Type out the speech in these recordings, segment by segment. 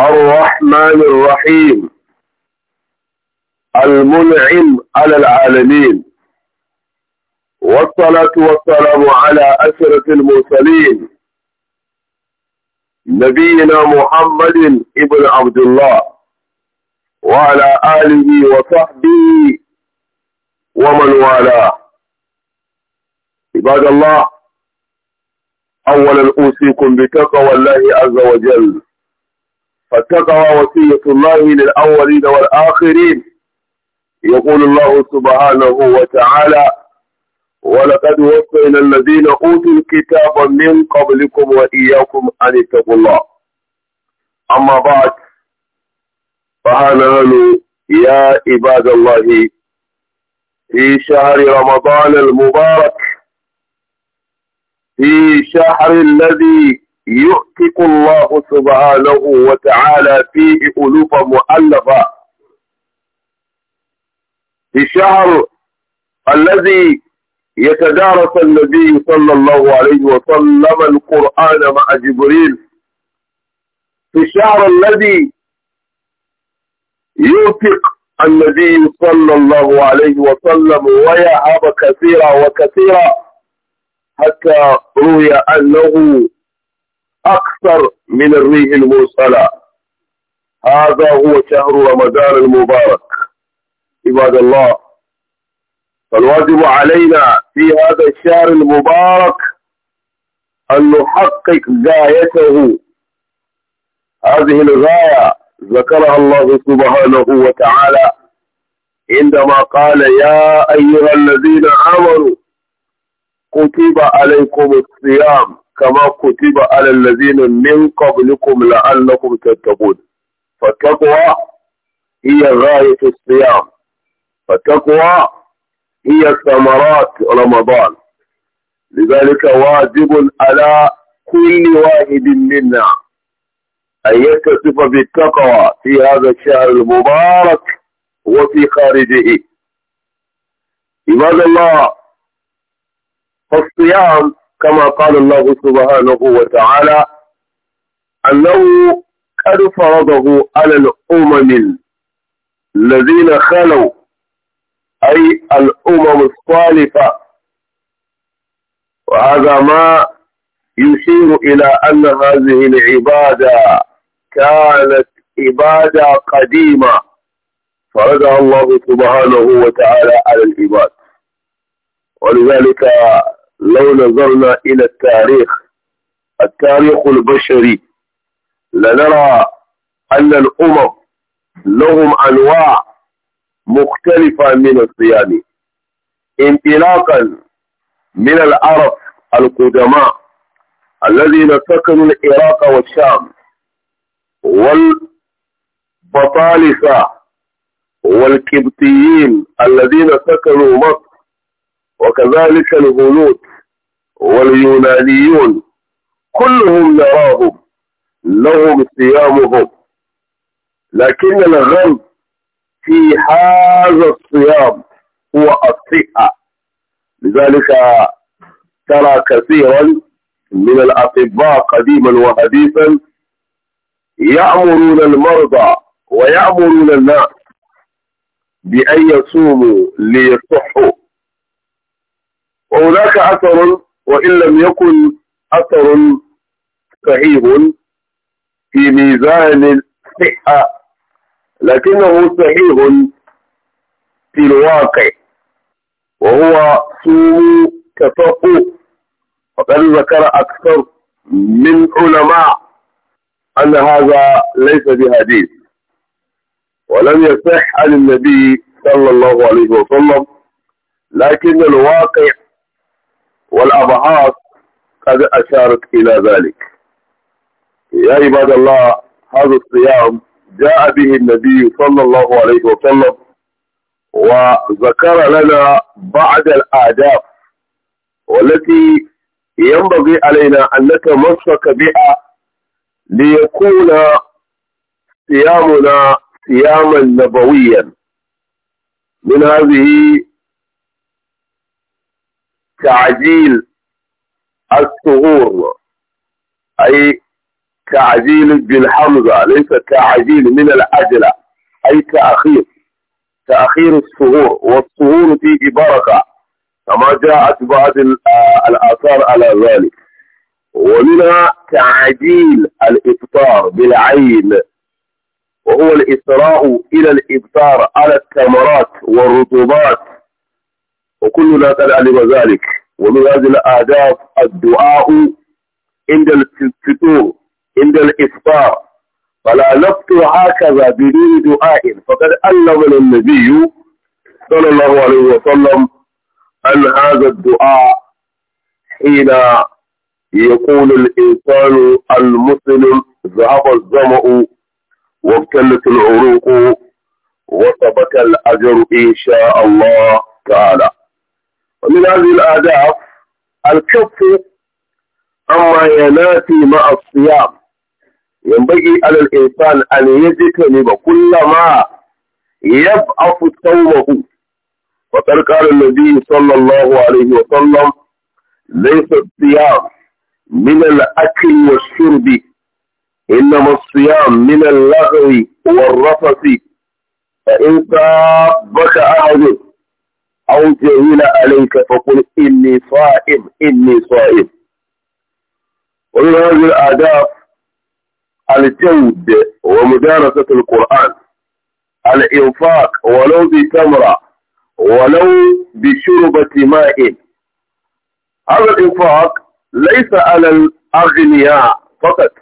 الرحمن الرحيم المنعم على العالمين والصلاة والسلام على أسرة المرسلين نبينا محمد ابن عبد الله وعلى آله وصحبه ومن والاه عباد الله أولا أوصيكم بتقوى الله عز وجل فاتقى وصية الله للأولين والآخرين يقول الله سبحانه وتعالى ولقد وصينا الذين أوتوا الكتاب من قبلكم وإياكم أن اتقوا الله أما بعد فهنا يا عباد الله في شهر رمضان المبارك في شهر الذي يؤتك الله سبحانه وتعالى فيه ألوف مؤلفة في الشهر الذي يتدارس النبي صلى الله عليه وسلم القرآن مع جبريل في الشهر الذي يوفق النبي صلى الله عليه وسلم ويهب كثيرا وكثيرا حتى روي أنه أكثر من الريح المرسلة هذا هو شهر رمضان المبارك عباد الله فالواجب علينا في هذا الشهر المبارك أن نحقق غايته هذه الغاية ذكرها الله سبحانه وتعالى عندما قال يا أيها الذين آمنوا كتب عليكم الصيام كما كتب على الذين من قبلكم لعلكم تتقون فالتقوى هي غاية الصيام فالتقوى هي ثمرات رمضان لذلك واجب على كل واحد منا أن يتصف بالتقوى في هذا الشهر المبارك وفي خارجه عباد الله فالصيام كما قال الله سبحانه وتعالى أنه قد فرضه على الأمم الذين خلوا أي الأمم الصالفة وهذا ما يشير إلى أن هذه العبادة كانت عبادة قديمة فرضها الله سبحانه وتعالى على العباد ولذلك لو نظرنا إلى التاريخ التاريخ البشري لنرى أن الأمم لهم أنواع مختلفة من الصيام انطلاقا من العرب القدماء الذين سكنوا العراق والشام والبطالسة والكبتيين الذين سكنوا مصر وكذلك الهنود واليونانيون كلهم نراهم لهم صيامهم لكن الغرب في هذا الصيام هو الصحة لذلك ترى كثيرا من الأطباء قديما وحديثا يأمرون المرضى ويأمرون الناس بأن يصوموا ليصحوا وهناك أثر وإن لم يكن أثر صحيح في ميزان الصحة لكنه صحيح في الواقع وهو سوء تفقه وقد ذكر أكثر من علماء أن هذا ليس بحديث ولم يصح عن النبي صلى الله عليه وسلم لكن الواقع والأبعاد قد أشارت إلى ذلك يا عباد الله هذا الصيام جاء به النبي صلى الله عليه وسلم وذكر لنا بعض الآداب والتي ينبغي علينا أن نتمسك بها ليكون صيامنا صياما نبويا من هذه تعجيل الثغور أي تعجيل بالحمزة ليس تعجيل من العجلة أي تأخير تأخير الثغور والثغور فيه بركة كما جاءت بعض آه، الآثار على ذلك ومنها تعجيل الإفطار بالعين وهو الإسراء إلى الإفطار على التمرات والرطوبات وكلنا قد علم ذلك ومن هذه الآداب الدعاء عند الفطور عند الإفطار فلا نفطر هكذا بدون دعاء فقد علم النبي صلى الله عليه وسلم أن هذا الدعاء حين يقول الإنسان المسلم ذهب الظمأ وابتلت العروق وسبك الأجر إن شاء الله تعالى ومن هذه الآداب الكف عما ينافي مع الصيام ينبغي على الإنسان أن يجتنب كل ما يبعث صومه وقد قال النبي صلى الله عليه وسلم ليس الصيام من الأكل والشرب إنما الصيام من اللغو والرفث فإن تابك أحد أو جهل عليك فقل إني صائم إني صائم ومن هذه الآداب الجود ومدارسة القرآن الإنفاق ولو بتمرة ولو بشربة ماء هذا الإنفاق ليس على الأغنياء فقط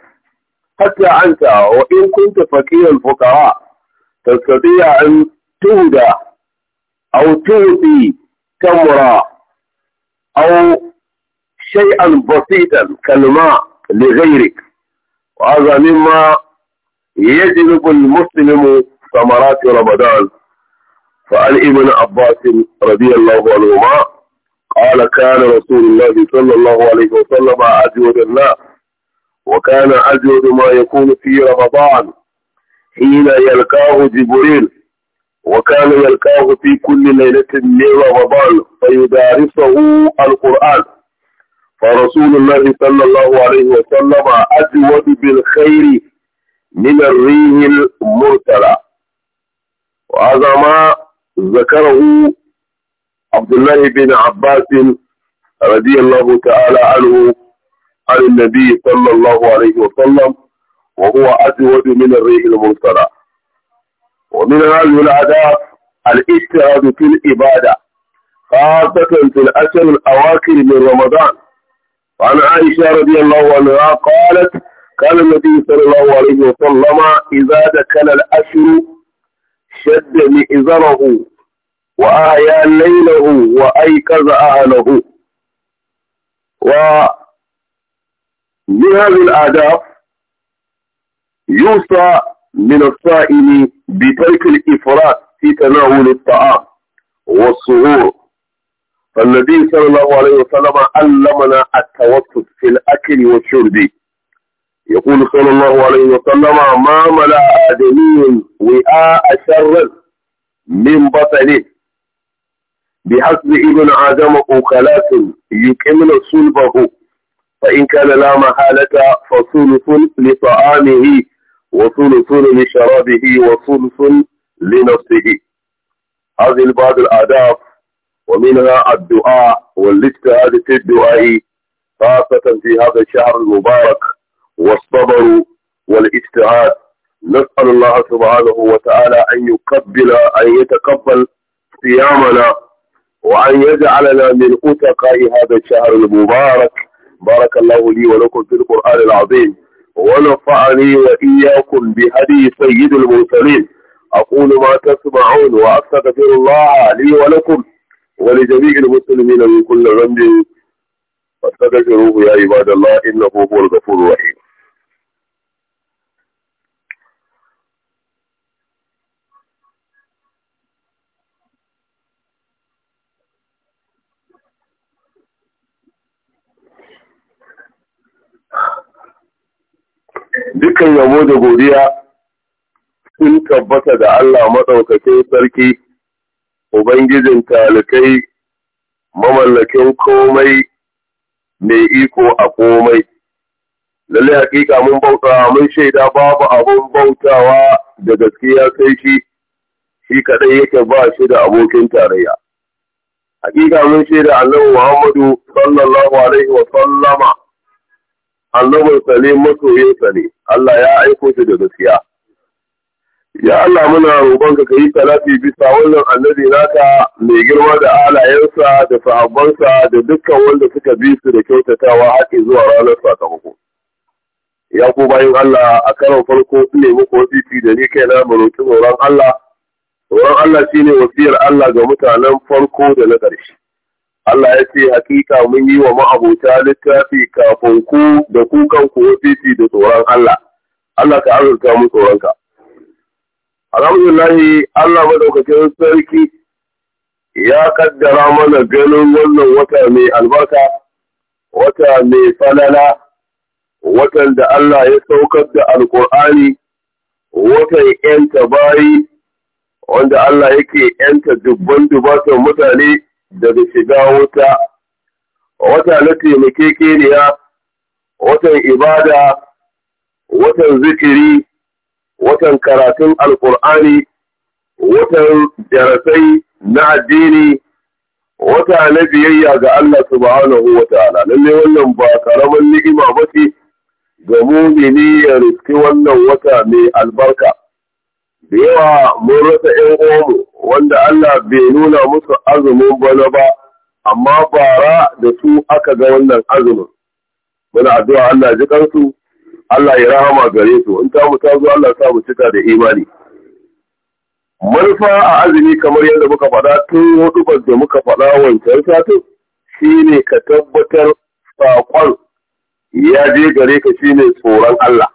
حتى أنت وإن كنت فقير الفقراء تستطيع أن تهدى أو تعطي تمرة أو شيئا بسيطا كالماء لغيرك وهذا مما يجلب المسلم ثمرات رمضان فعن ابن عباس رضي الله عنهما قال كان رسول الله صلى الله عليه وسلم أجود الناس وكان أجود ما يكون في رمضان حين يلقاه جبريل وكان يلقاه في كل ليلة من رمضان فيدارسه القرآن فرسول الله صلى الله عليه وسلم أجود بالخير من الريه المرتلى وهذا ما ذكره عبد الله بن عباس رضي الله تعالى عنه عن النبي صلى الله عليه وسلم وهو أجود من الريه المرتلى ومن هذه العادات الاجتهاد في الإبادة خاصة في الأشهر الأواخر من رمضان وعن عائشة رضي الله عنها قالت كان النبي صلى الله عليه وسلم إذا دخل الأشهر شد مئزره وآيا ليله وأيقظ أهله ومن هذه الآداب يوصى من الصائم بترك الإفراط في تناول الطعام والصغور فالنبي صلى الله عليه وسلم علمنا التوسط في الأكل والشرب يقول صلى الله عليه وسلم ما ملا آدمي وعاء شر من بطنه بحسب ابن عدم أكلات يكمل صلبه فإن كان لا محالة فصلص لطعامه وثلث لشرابه وثلث لنفسه هذه بعض الآداب ومنها الدعاء والاجتهاد في الدعاء خاصة في هذا الشهر المبارك والصبر والاجتهاد نسأل الله سبحانه وتعالى أن يقبل أن يتقبل صيامنا وأن يجعلنا من أتقاء هذا الشهر المبارك بارك الله لي ولكم في القرآن العظيم ونفعني وإياكم بهدي سيد المرسلين أقول ما تسمعون وأستغفر الله لي ولكم ولجميع المسلمين من كل ذنب فاستغفروه يا عباد الله إنه هو الغفور الرحيم Dukkan yabo da godiya sun tabbata da Allah maɗaukakin sarki, Ubangijin talikai, mamallakin komai mai iko a komai. Lalle hakika mun bauta mun shaida babu abun bautawa da gaskiya sai shi, shi kaɗai yake ba shi da abokin tarayya. Hakika mun shaida Allah Muhammadu sallallahu Alaihi wa sallama. annabin sa ne ne Allah ya aiko shi da gaskiya ya Allah muna roƙonka ka yi talafi bisa wannan annabi naka mai girma da alayensa da sahabbansa da dukkan wanda suka bi su da kyautatawa haƙi zuwa ranar sakamako ya ku bayan Allah a karon farko ne muku wasiti da ni kaina na roƙi tsoron Allah tsoron Allah shine wasiyar Allah ga mutanen farko da na ƙarshe Allah ya ce hakika mun yi wa ma'abota littafi kafin ku da ku kanku wasiti da tsoron Allah. Allah ka azurta mu tsoronka. Alhamdulillahi Allah madaukakin sarki ya kaddara mana ganin wannan wata mai albarka, wata mai falala, watan da Allah ya saukar da Alƙur'ani, watan ‘yanta bayi, wanda Allah yake ‘yanta dubban dubatan mutane daga shiga wuta wata na taimakekeniya watan ibada watan zikiri watan karatun alkur'ani watan jarasai na addini wata na biyayya ga Allah subhanahu wa ta'ala lalle wannan ba karamin ni'ima ba ce ga mumini ya riski wannan wata mai albarka da yawa mun rasa ‘yan uwanmu wanda Allah bai nuna musu azumin bana ba, amma bara da su aka ga wannan azumin. Muna addu'a Allah ji kansu, Allah ya rahama gare su, in ta mu ta zo Allah sa mu cika da imani. Manufa a azumi kamar yadda muka faɗa tun hudu da muka faɗa wancan satin, shi ne ka tabbatar saƙon ya je gare ka shi ne tsoron Allah,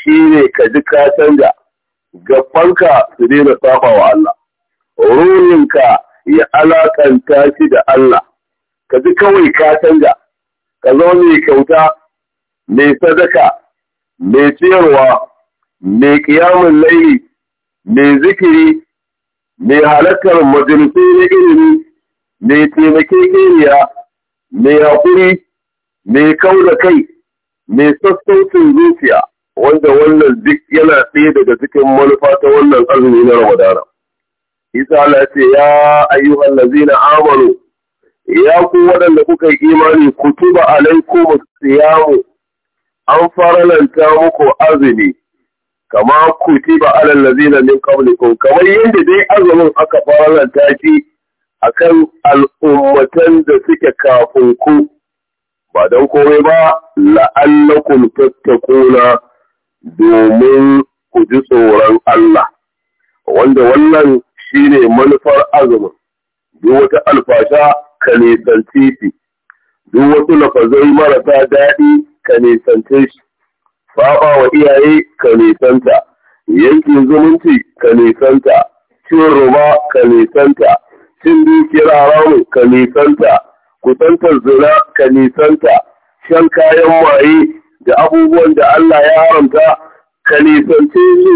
shi ne ka ji ka canja. gaffanka su daina safa wa Allah ruhinka ya alaƙanta shi da Allah ka ji kawai ka canja ka zama mai kyauta mai sadaka mai ciyarwa mai ƙiyamun laili mai zikiri mai halakar majalisai na ilimi mai taimakekeniya mai haƙuri mai kau da kai mai sassaucin zuciya wanda wannan duk yana ɗaya daga cikin manufa ta wannan azumi na Ramadana. Isa Allah ya ce ya ayyuhan lazina amanu ya ku waɗanda kuka yi imani ku tuba alaikum siyamu an faralanta muku azumi kama kutiba alal lazina min qablikum kamar yadda dai azumin aka faralanta shi akan al'ummatan da suke kafin ku ba don komai ba la'allakum tattakuna domin ku ji tsoron Allah, wanda wannan shi ne manufar azumin, duk wata alfasha ka nisanci shi, duk wasu lafazai marasa daɗi ka nisance shi, faɓa wa iyaye ka nisanta, yankin zumunci ka nisanta, cin ruba ka cin dukiyar haramun ka nisanta, kusantar zina ka nisanta, shan kayan maye da abubuwan da Allah ya haramta ka nisance su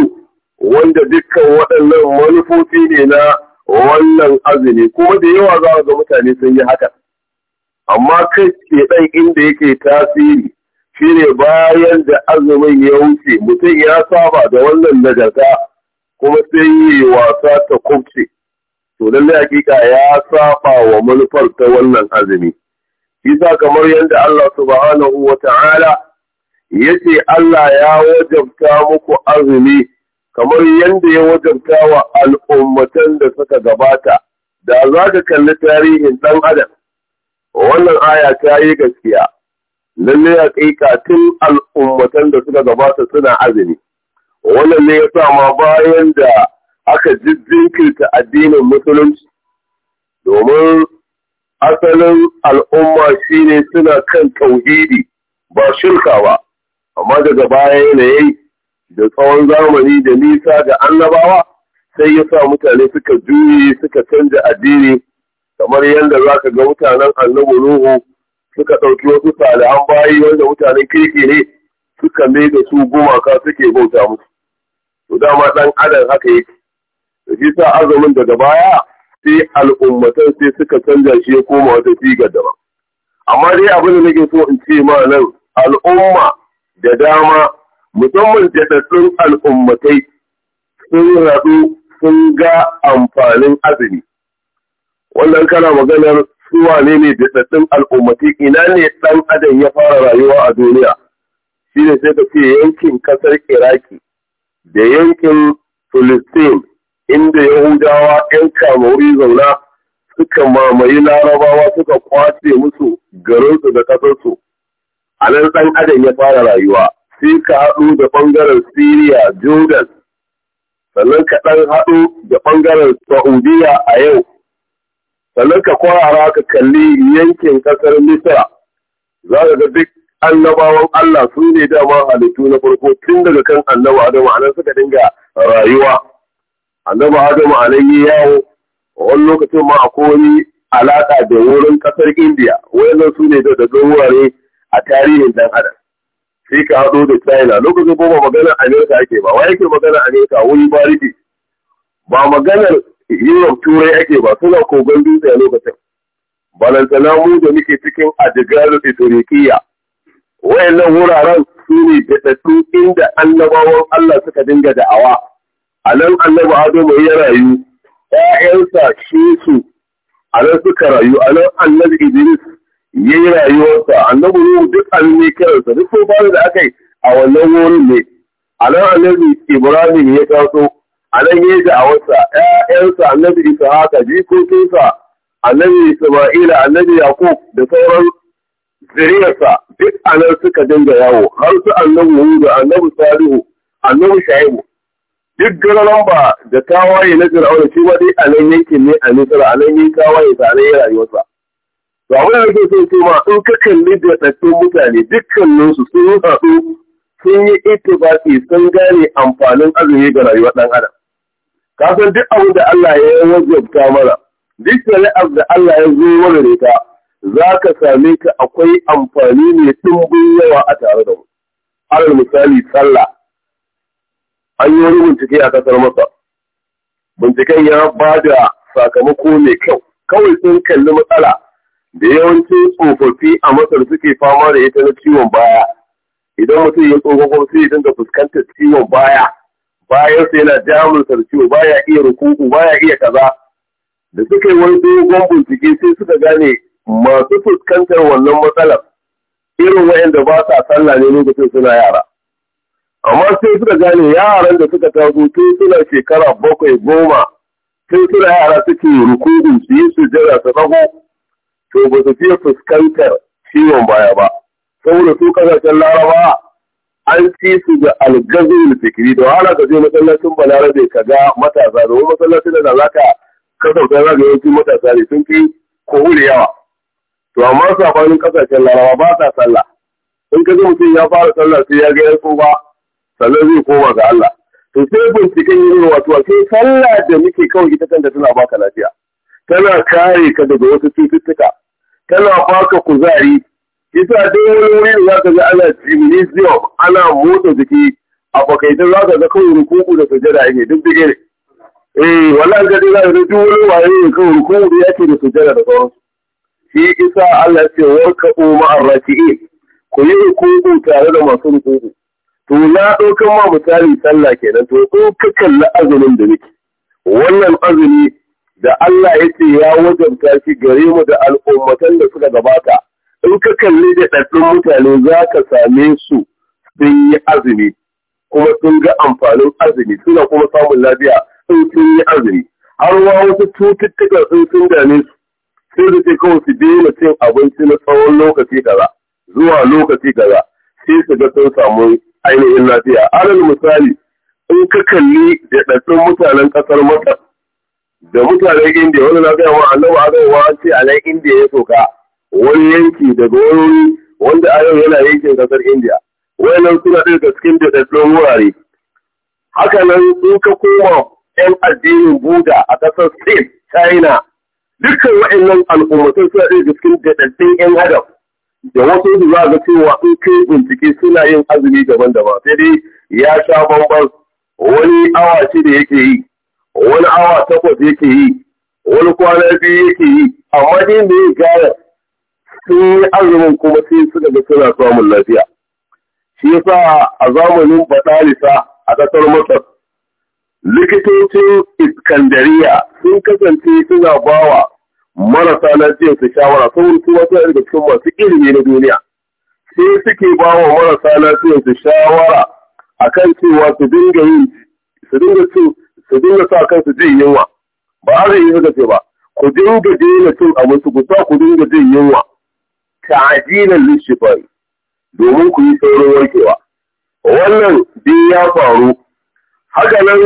wanda dukkan waɗannan manufofi ne na wannan azumi kuma da yawa za ga mutane sun yi haka amma kai ke ɗan inda yake tasiri shine bayan da azumin ya wuce mutum ya saba da wannan nagarta kuma sai yi wasa ta kubce to lallai hakika ya saba wa manufar ta wannan azumi isa kamar yadda Allah subhanahu wa ta'ala yace Allah ya wajabta muku azumi kamar yadda ya wajabta wa al'ummatan da suka gabata da za ka kalli tarihin dan adam wannan aya ta yi gaskiya lalle haƙiƙa tun al'ummatan da suka gabata suna azumi wannan ne ya sa ma bayan da aka jinkirta addinin musulunci domin asalin al'umma shine suna kan tauhidi ba shirka ba amma daga baya yanayi da tsawon zamani da nisa da annabawa sai ya sa mutane suka juyi suka canja addini kamar yadda za ka ga mutanen annabu Nuhu suka ɗauki wasu salihan bayi wanda mutanen kirki ne suka mai da su gumaka suke bauta musu. To dama ɗan adam haka yake. Da shi sa azumin daga baya sai al'ummatan sai suka canja shi ya koma wata sigar daban. Amma dai abin da nake so in ce ma nan al'umma da dama musamman jadaddun al'ummatai sun haɗu sun ga amfanin azumi. Wannan kana maganar suwa ne ne jadaddun al'ummatai ina ne ɗan adam ya fara rayuwa a duniya. Shi ne sai ka ce yankin ƙasar Iraki da yankin Filistin inda Yahudawa ‘yan kamori zauna suka mamaye larabawa suka kwace musu garinsu da ƙasarsu. a nan ɗan adam ya fara rayuwa sai ka haɗu da ɓangaren Siriya, Jordan, sannan ka ɗan haɗu da ɓangaren Saudiya a yau, sannan ka kwarara ka kalli yankin ƙasar Misra, za ka ga duk annabawan Allah su ne dama halittu na farko tun daga kan annaba Adamu a nan suka dinga rayuwa. Annaba Adamu a nan yi yawo, wani lokacin ma alaƙa da wurin ƙasar Indiya, wani su ne da wurare a tarihin dan adam sai ka haɗo da china lokacin ko ba maganar amerika ake ba wa yake maganar amerika wani bariki ba maganar europe turai ake ba suna kogon dutse a lokacin balantana mu da muke cikin adigalu itorikiya wayannan wuraren su ne daɗaɗɗu inda annabawan allah suka dinga da'awa a nan annabi mai ya rayu ‘ya'yansa shi su a nan suka rayu a nan annabi idris ya yi rayuwarsa annabi nuhu duk abin ne kiransa duk tsofanin da aka yi a wannan wurin ne a nan annabi ibrahim ya taso a nan ya yi da'awarsa ƴaƴansa annabi isa haka jikokinsa annabi isma'ila annabi yakub da sauran zuriyarsa duk a nan suka dinga yawo har su annabi hudu annabi salihu annabi shaibu duk gararan ba da tawaye na fir'auna shi ma dai a nan yankin ne a nisar nan tawaye ta nan rayuwarsa Ba wani yake sun in ka kalli da ɗattun mutane dukkaninsu sun yi haɗu sun yi ittifaqi sun gane amfanin azumi ga rayuwar ɗan adam. Ka san duk abin da Allah ya wajabta mana, duk shari'ar da Allah ya zo mana da za ka same ka akwai amfani ne ɗumbin yawa a tare da mu. Alal misali sallah, an yi wani bincike a kasar masa. Binciken ya ba da sakamako mai kyau, kawai sun kalli matsala da yawancin tsofaffi a masar suke fama da ita na ciwon baya idan mutum ya tsofa kuma sai ya dinga fuskantar ciwon baya bayan sai yana jamun ciwo baya iya rukuku baya iya kaza da suka yi wani dogon bincike sai suka gane masu fuskantar wannan matsalar irin wayanda ba sa sallah ne lokacin suna yara amma sai suka gane yaran da suka taso tun suna shekara bakwai goma tun suna yara suke rukuku su yi sujjada su tsago to ba su fiye fuskantar ciwon baya ba saboda su kasashen laraba an ci su da algazin fikiri da wahala ka je masallacin balarabe ka ga matasa domin masallacin da za ka kasauta za ka yawancin matasa da sun fi kohuri yawa to amma sabanin kasashen laraba ba sa sallah in ka ji mutum ya fara sallah sai ya ga ya ba sannan zai koma ga Allah to sai binciken yin wato sai sallah da muke kawai ita kanta tana baka lafiya tana kare ka daga wasu cututtuka tana baka kuzari yasa duk wani wuri da zaka ga ana gymnasium ana motsa jiki a bakaita za ka ga kawai rukuku da sujada yake duk dige ne eh wallahi ga dai za ka duk wani waye ne kawai rukuku da yake da sujada da sauransu shi isa Allah ya ce warka umma arraki'in ku yi rukuku tare da masu rukuku to na ɗaukan ma misali sallah kenan to ko ka kalla azumin da nake wannan azumi da Allah ya ce ya wajen shi gare mu da al'ummatan da suka gabata in ka kalli da ɗaɗɗun mutane za ka same su sun yi azumi kuma sun ga amfanin azumi suna kuma samun lafiya sun sun yi azumi har wa wasu cututtuka sun sun dame su sai da ce kawai su daina cin abinci na tsawon lokaci kaza zuwa lokaci kaza sai su ga sun samu ainihin lafiya alal misali in ka kalli da ɗaɗɗun mutanen ƙasar masar da mutanen indiya wani na gaya wa a azaiwa ce a nan indiya ya soka wani yanki daga wani wanda a yau yana yankin kasar indiya nan suna daga cikin daɗaɗɗun wurare haka nan sun ka koma yan addinin buda a kasar spain china dukkan wayannan al'ummatai suna daga cikin daɗaɗɗun yan adam da wasu su za ga cewa in kai bincike suna yin azumi daban-daban sai dai ya sha bambam wani awa ce da yake yi wani awa takwas yake yi wani kwana biyu yake yi amma dai da ya gaya sun yi azumin kuma sai suka ga suna samun lafiya shi yasa a zamanin batalisa a ƙasar masar likitocin iskandariya sun kasance suna bawa marasa lafiya su shawara saboda kuma suna daga cikin masu ilimi na duniya sai suke bawa marasa lafiya su shawara akan cewa su dinga yin su dinga cin su dinga sa kansu jin yunwa ba a yi suka ce ba ku dinga daina cin abinci ku sa ku dinga jin yunwa ta'jilan lishifai domin ku yi saurin warkewa wannan din ya faru haka nan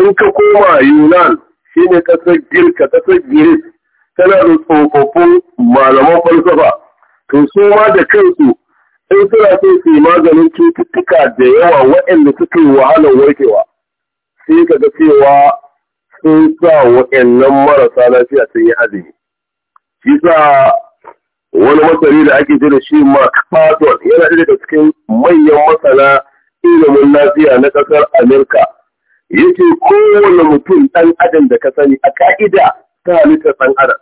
in ka koma Yunan shi ne kasar Girka kasar Giris tana da tsofaffin malaman falsafa to su ma da kansu in suna so su yi maganin cututtuka da yawa waɗanda suka yi wahalar warkewa sai ka ga cewa sun sa waɗannan marasa lafiya sun yi azumi shi sa wani masari da ake ji da shi Mark Patton yana ɗaya daga cikin manyan masana ilimin lafiya na ƙasar Amurka yake kowane mutum ɗan adam da ka sani a ka'ida ta halittar ɗan adam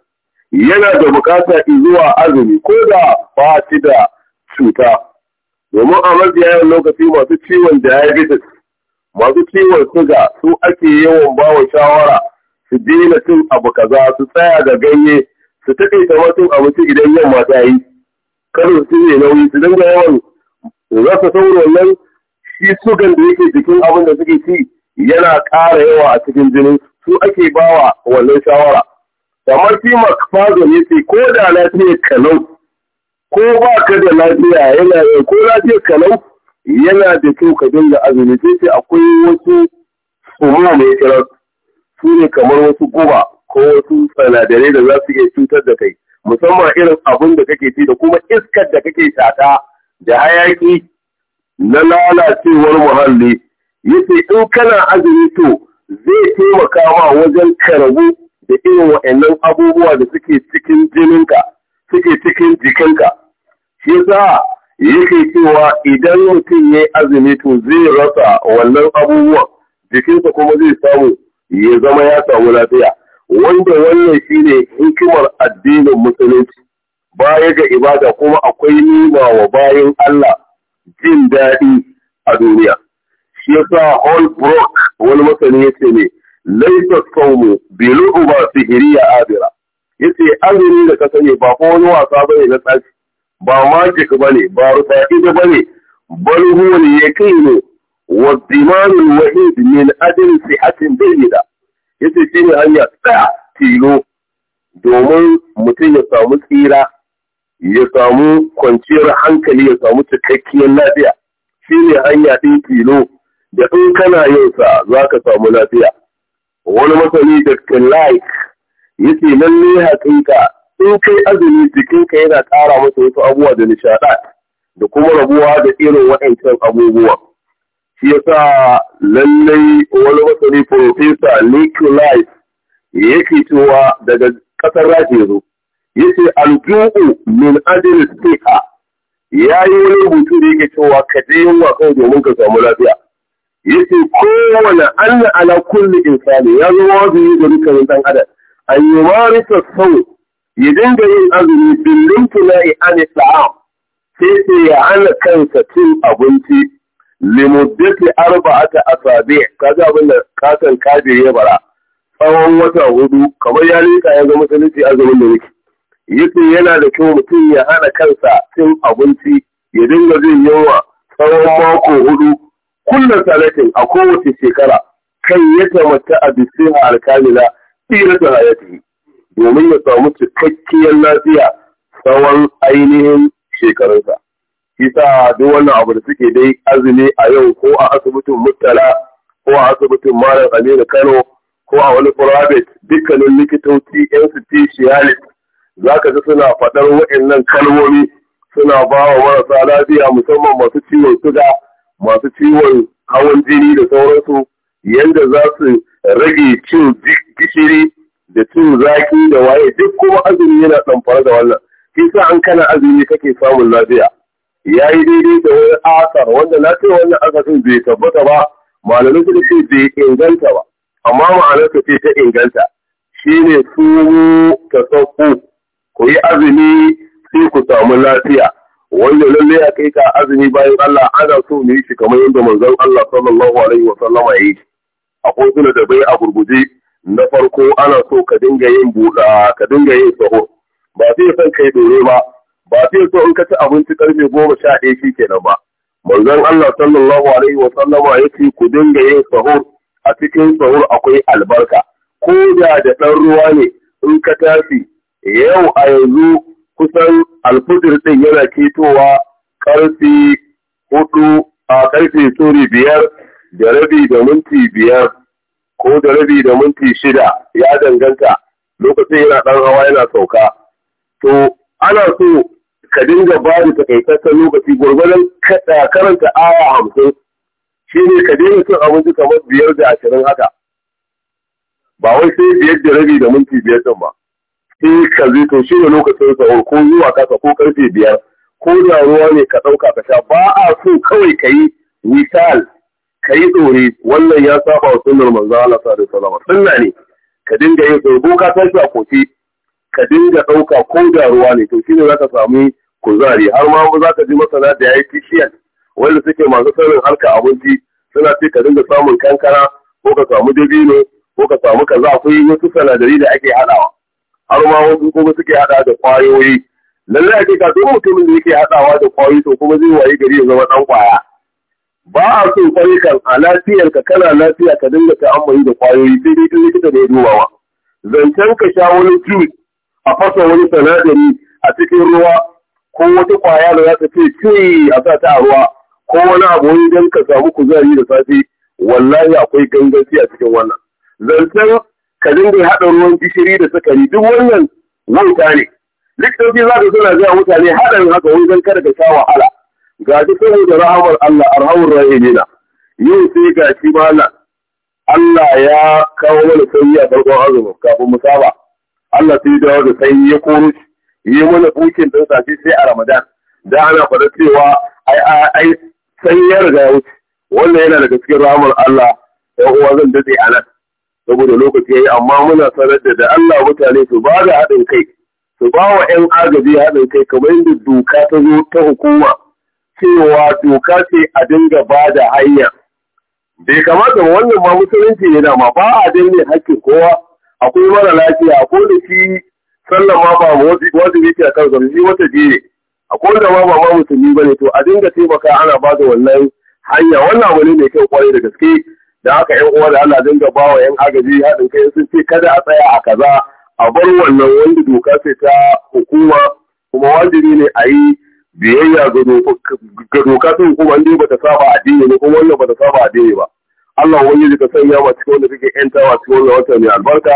yana da bukata zuwa azumi ko da ba shi da cuta domin a mafiya yawan lokaci masu ciwon diabetes masu ciwon suga su ake yawan bawa shawara su daina cin abu kaza su tsaya ga ganye su taƙaita mutum abinci idan yamma ta yi kar su ne nauyi su dinga yawan rasa sauro nan shi sugan da yake jikin abin da suke ci yana ƙara yawa a cikin jinin su ake bawa wannan shawara kamar fi makfazo ne ce ko da lafiyar kalau ko ba ka da lafiya yana ko lafiyar kalau yana da kyau ka dinga azumi sai sai akwai wasu tsoro mai kira su ne kamar wasu guba ko wasu sanadarai da za su iya cutar da kai musamman irin abin da kake ci da kuma iskar da kake shata da hayaki na lalacewar muhalli yace in kana azumi to zai taimaka ma wajen karabu da irin wa'annan abubuwa da suke cikin jininka suke cikin jikinka shi za yake cewa idan mutum ya yi azumi to zai rasa wannan abubuwan jikinsa kuma zai samu ya zama ya samu lafiya wanda wannan shine hikimar addinin musulunci baya ga ibada kuma akwai nima wa bayan Allah jin daɗi a duniya shi yasa Holbrook wani masani yace ne laisa saumu bi lu'ba sihiriya abira yace azumi da ka sani ba ko wani wasa bane na tsaki. ba magic ba ne ba rufa'ido ba ne bari huwani ya kai ne wa dimanul wahid min adin sihatin bayyida yace shi ne hanya ta tilo domin mutum ya samu tsira ya samu kwanciyar hankali ya samu cikakkiyar lafiya shi ne hanya ɗin tilo da in kana yin sa za ka samu lafiya wani masani da like yace lalle hakika in kai azumi jikinka yana ƙara masa wasu abubuwa da nishaɗa da kuma rabuwa da irin waɗancan abubuwa. Shi yasa lallai wani masani Profesa ya yake cewa daga ƙasar rafi ya zo. Yace aljuhu min ajil siha ya yi wani rubutu da yake cewa ka je yunwa wasan domin ka samu lafiya. Yace kowane Allah ala kulli insani ya zama wajibi ga dukkanin ɗan adam. Ayyumarisa sau ya dinga yin azumi billin tula'i an sai sai ya hana kansa cin abinci limuddati arba'ata asabi kaga abin da kasan kaje ya bara tsawon wata hudu kamar ya lika ya ga musulunci azumin da yake yace yana da kyau mutum ya hana kansa cin abinci ya dinga zai yawa tsawon mako hudu kullum salatin a kowace shekara kan ya tamata a bisiha alkamila tsira ta hayati domin ya samu cikakkiyar lafiya tsawon ainihin shekarunsa. Isa duk wannan abu da suke dai azumi a yau ko a asibitin Murtala ko a asibitin Malam Aminu Kano ko a wani private dukkanin likitoci yan specialist za ka ji suna faɗar waɗannan kalmomi suna ba wa marasa lafiya musamman masu ciwon suga masu ciwon hawan jini da sauransu yadda za su rage cin gishiri da cin zaki da waye duk kuma azumi yana tsamfara da wannan kisa an kana azumi kake samun lafiya ya yi daidai da wani asar wanda na ce wannan asarin bai tabbata ba malamin suka ce bai inganta ba amma ma'anar su ce ta inganta shine su ta sauko ku yi azumi sai ku samu lafiya wanda lalle ya kai ka azumi bayan Allah ana so mu yi shi kamar yadda manzon Allah sallallahu alaihi wa sallama ya yi a kotuna da bai a gurguje na farko ana so ka dinga yin buɗa ka dinga yin sahur ba zai son kai dore ba ba zai so in ka ci abinci karfe goma sha ɗaya shi kenan ba manzon Allah sallallahu alaihi wa sallama ya ce ku dinga yin sahur a cikin sahur akwai albarka ko da da ɗan ruwa ne in ka tafi. yau a yanzu kusan alfudur ɗin yana ketowa karfi hudu a karfe sori biyar da rabi da minti biyar ko da rabi da minti shida ya danganta lokacin yana dan hawa yana sauka to ana so ka dinga ba da takaitaccen lokaci kada karanta aya hamsin shi ne ka daina cin abinci kamar biyar da ashirin haka ba wai sai biyar da rabi da minti biyar din ba sai ka zai to shi ne lokacin sahur ko zuwa kasa ko karfe biyar ko da ruwa ne ka ɗauka ka sha ba a so kawai ka yi misal ka yi tsori wannan ya saba wa sunnar manzo Allah sallallahu alaihi wasallam sunna ne ka dinga yin tsoro ko ka shi a ka dinga ɗauka ko da ruwa ne to shine zaka samu kuzari har ma za ka ji masana da yayi tishiyan wanda suke masu sanin harka abinci suna ce ka dinga samun kankara ko ka samu dabino ko ka samu kaza akwai wasu sanadari da ake haɗawa har ma wasu kuma suke haɗa da kwayoyi lallai ake ka duk mutumin da yake haɗawa da kwayoyi to kuma zai wayi gari ya zama ɗan kwaya ba a so kan a lafiyar ka kana lafiya ka dinga yi da kwayoyi sai dai likita da ya dubawa zancen ka sha wani juice a fasa wani sanadari a cikin ruwa ko wata kwaya da za ta ce ce a sa ta ruwa ko wani abu wani don ka samu kuzari da safe wallahi akwai ganganci a cikin wannan zancen ka dinga haɗa ruwan gishiri da sukari duk wannan wauta ne likitoci za ka suna zuwa mutane haɗarin haka wani don kada ka sha wahala ga duk da rahamar Allah arhamur rahimina yau sai ga shi nan. Allah ya kawo mana sanyi a farkon azumi kafin mu saba Allah sai dawo da sanyi ya koro shi yi mana bukin dan sashi sai a Ramadan da ana faɗa cewa ai ai sanyi ya riga ya wuce Wanda yana daga cikin rahamar Allah ya uwa zan dade a nan saboda lokaci yayi amma muna sanar da da Allah mutane su ba da haɗin kai su ba wa 'yan agaji haɗin kai kamar yadda doka ta zo ta hukuma cewa doka ce a dinga ba da hanya. Bai kamata wannan ma musulunci yana ma ba a danne hakkin kowa akwai mara lafiya ko da shi sallan ma ba wasu yake a kan zamani wata jere akwai da ma ba ma musulmi ba ne to a dinga taimaka ana ba da wannan hanya wannan abu ne mai kyau kwarai da gaske da haka yan uwa da Allah dinga ba wa yan agaji haɗin kai sun ce kada a tsaya a kaza a bar wannan wanda doka ce ta hukuma kuma wajibi ne a yi biyayya ga doka ta kuma inda ba ta saba addini ne kuma wannan ba ta saba addini ba Allah wani ka sanya ma cikin wanda kake yantawa cikin wanda wata mai albarka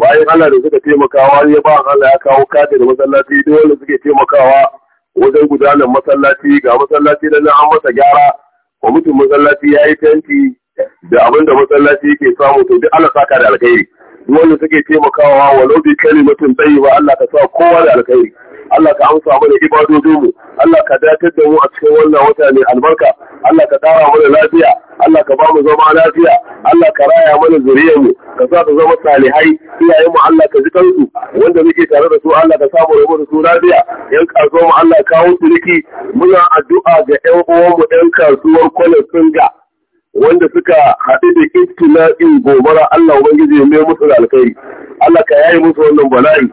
bayan Allah da suka taimakawa ya ba Allah ya kawo kati da masallaci duk wanda suke taimakawa wajen gudanar masallaci ga masallaci da an masa gyara wa mutum masallaci ya yi fenti da abin da masallaci yake samu to duk Allah saka da alkhairi wanda suke taimakawa walau bi tsayi ba Allah ka sa kowa da alkhairi Allah ka amsa mana ibadodinmu. mu Allah ka datar da mu a cikin wannan wata ne albarka Allah ka ƙara mana lafiya Allah ka ba mu zama lafiya Allah ka raya mana zuriyar mu ka sa ta zama salihai iyayen mu Allah ka ji su wanda muke tare da su Allah ka samu rabo da su lafiya yan kasuwa mu Allah ka kawo riki muna addu'a ga ƴan uwan mu kasuwar kwale singa. wanda suka haɗu da iftila'in gobara Allah ubangiji ya mai musu da alkhairi Allah ka yayi musu wannan bala'i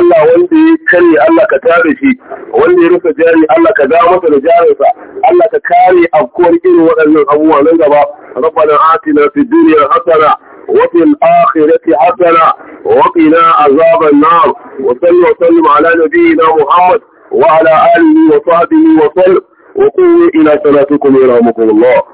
Allah wanda ya kare Allah ka tare shi wanda ya rufe jari Allah ka dawo masa da jarinsa Allah ka kare afkuwar irin waɗannan abubuwa nan gaba ربنا آتنا في الدنيا حسنة وفي الآخرة حسنة وقنا عذاب النار وصل وسلم على نبينا محمد وعلى آله وصحبه وسلم وقوموا إلى صلاتكم يرحمكم الله